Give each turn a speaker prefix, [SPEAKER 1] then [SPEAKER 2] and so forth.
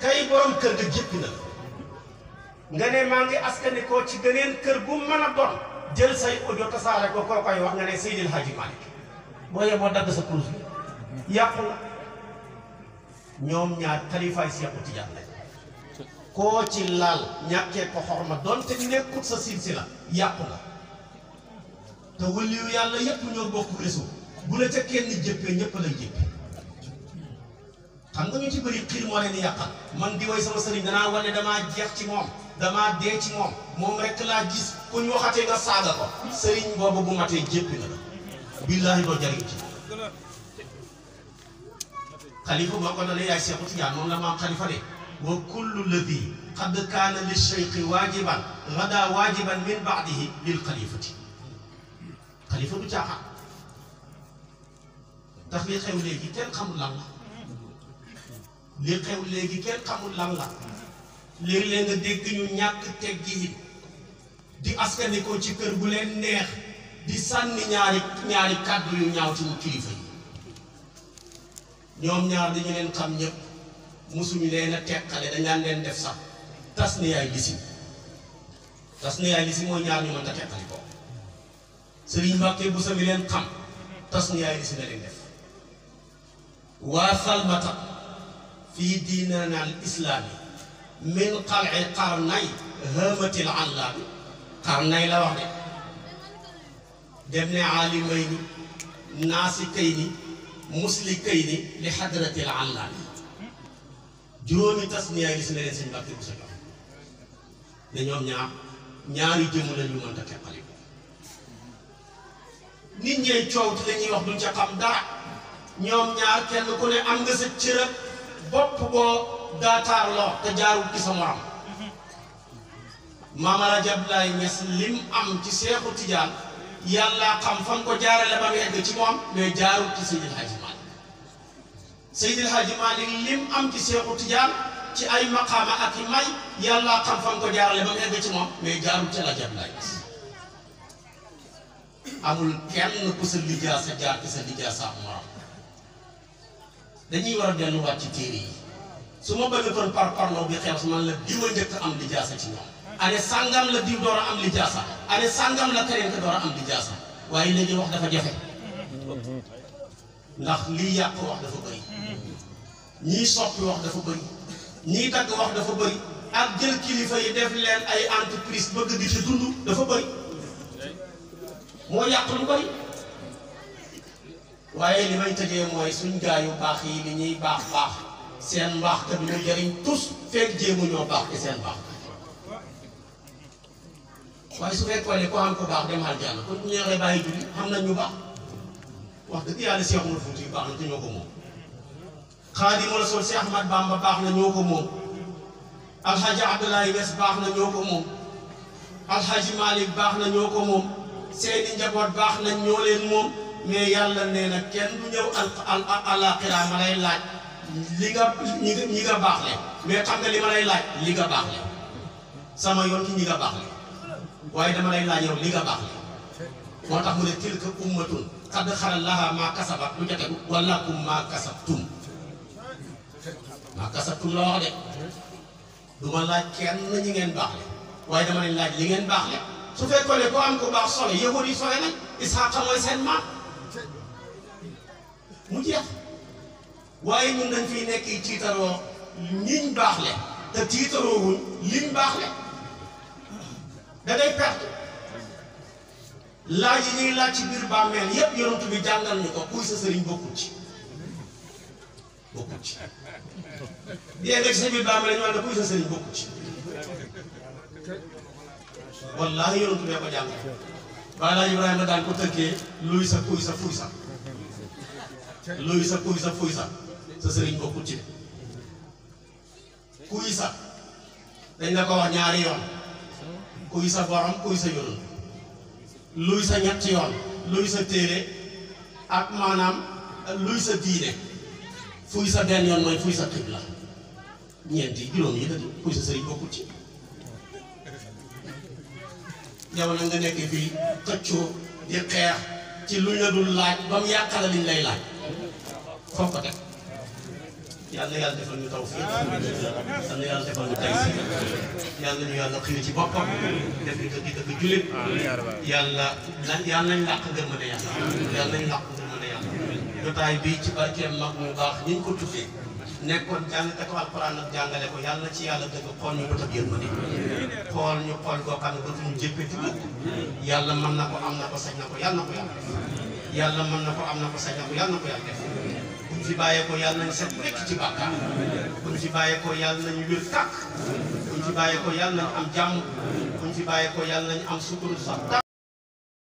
[SPEAKER 1] kay borom kër ga jéppi na nga ne maa ngi askanekoo ci geneen kër bu mën a doon jël say audio tasaare ko koo koy wax nga ne Seydil Hadji Malick boo yemoo dagg sa kurus yàqu la ñoom ñaar xalifaay Seexu Tijaan lañ koo ci laal ñàkkee ko xorma donte nekkut sa silsila yàqu la te wëliyu yàlla yépp ñoo bokk réseau bu la ca kenn jëppee ñëpp lay jëppee xam ñu ci bari xir mo leen yàq man di way sama sëriñ danaa wane dama jeex ci moom dama dee ci moom moom rek laa gis ku ñu waxatee nga saaga ko sëriñ boobu bu matee jéppi nga la billaahi doo jariñ ci xalifa boo ko dalee yaay Seexu Tijaan moom la maam xalifa de wa kullu ladi qad kaana li cheikhi waajiban gada waajiban min baadihi lil xalifati xalifa du caaxaan ndax li xew léegi kenn xamul lan la li xew léegi kenn xamul lan la leen léeg nga dégg ñu ñàkk teggi di askani ci kër bu leen neex di sànni ñaari ñaari kàddu yu ñaaw ci kilifa yi ñoom ñaar dañu leen xam ñëpp mosuñu leen a teqale dañaan leen def sax tas ni yaay lisi tas ni yaay lisi mooy ñaar ñu mënta teqali ko sëriñ Mbàkke bu sami leen xam tas ni yaay lisi na leen def waa salmata fii diinana al islaami min xalci xarnay hëmatil allaami xarnay la wax de dem ne aalimayni naasikayni muslikayni li xadratil allaami juróomi tas niyaay gis na leen seen mbàkki bu sa jox ne ñoom ñaar ñaari jëmm la ñu mënta teqali ko nit ñee coow te la wax duñ ca xam dara ñoom ñaar kenn ku ne am nga sa cërëb bopp boo daataar la wax te jaarul ci sa morom maam Alaaji Abdoulaye Niass lim am ci Seexu Tijaan yàlla xam fan ko jaarale ba mu egg ci ci Seydil Hadji ci Seexu Tijaan ci ay i may yàlla xam fan ko jaarale ba mu egg moom mais jaarul ci Alaaji Abdoulaye Niass amul kenn ku sa lijaasa jaar ci sa lijaasa dañuy war a delluwaat ci téere yi su ma bëgg kon par parloo bi xew man la diw a njëkk am lijaasa ci ñoom ane sàngam la diw door a am lijaasa ane sàngam la keneen door a am lijaasa waaye léegi wax dafa jafe ndax lii yàq wax dafa bëri ñii soppi wax dafa bëri ñii dagg wax dafa bëri ak jël kilifa yi def leen ay entreprise ba di ci dund dafa bëri moo yàq lu bëri waye limay may moy suñ gaayu bax yi li ñuy bax bax seen bax te duñu jëriñ tous fek jëmu ñoo bax ci seen bax waye su fekkoon wala ko am ko bax dem aljana ko ñu neexee bàyyi julli xam nañ ñu baax wax dëgg yàlla cheikh Umar Fuuti yu baax na te ñoo ko moom Xaadimu Rasuul Seex Ahmad Bamba bax na ñoo ko moom Alxaaji Abdoulaye Wes baax na ñoo ko moom Alxaaji Malick baax na ñoo ko moom seeni njaboot baax na ñoo leen moom mais yàlla nee na kenn du ñëw al alaxira ma lay laaj li nga ñi nga ñi baax le mais xam nga li ma lay laaj li baax le sama yoon moo tax mu ne tilka ummatun qad xalat laha maa kasabat lu jotegu walakum maa kasabtum maa kasabtum la wax de du ma laaj kenn ñi ngeen baax le waaye dama lay laaj li ngeen baax le su fekkoon ne ko am ko baax sole yahudi sole nag isxaqa mooy seen maam mu jeex waaye ñun dañ fiy nekk tiitaroo ñiñ baax le te tiitaroowul liñ baax le da ngay laaj yi ñuy laaj ci biir bàmmeel yépp yonent bi jàngal ñu ko kuy sa sëriñ bokkul ci bokkul ci bien rek sa biir bàmmeel ñu wax ne kuy sa sëriñ bokkul ci wallaahi yonent bi ko jàngal Baay Ibrahima daan ko tëkkee luy sa kuy sa fuy sa luy sa kuy sa fuy sa sa sëriñ bokkul ci kuy sa dañ la ko ñaari yoon kuy sa borom kuy sa yoon luy sa ñetti yoon luy sa téere ak maanaam luy sa diine fuy sa benn yoon mooy fuy sa xibla ñeenti juróom yi dëgg kuy sa sëriñ bokkul ci yow na nga nekk fii xëccoo di xeex ci lu ñu la laaj ba mu yàqala liñ lay laaj foofu ko teg yàlla yàlla defal ñu taw fii yàlla yàlla defal ñu yàlla xëy ci boppam def ñu dëgg dëgg jullit yàlla yàlla nañ làq gërmande yàlla yàlla nañ làq gërmande yàlla jotaay bi ci barkeem mag mu baax ñu ko tuddee nekkoon jàngkatu alquran ak jàngale ko yàlla ci yàlla dëgg xool ñu bëtab yërmande xool ñu xool koo xam ne dootuñu jéppeti mukk yàlla mën na ko am na ko sañ na ko yàlla na ko yàlla ko am na ko sañ na ko yàlla na ko yàlla def bàyyeekoo yàlla na set nekk ci bàkkaar buñ fi bàyyeekoo yàlla na wér am jàmm buñ fi